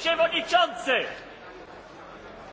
Przewodniczący!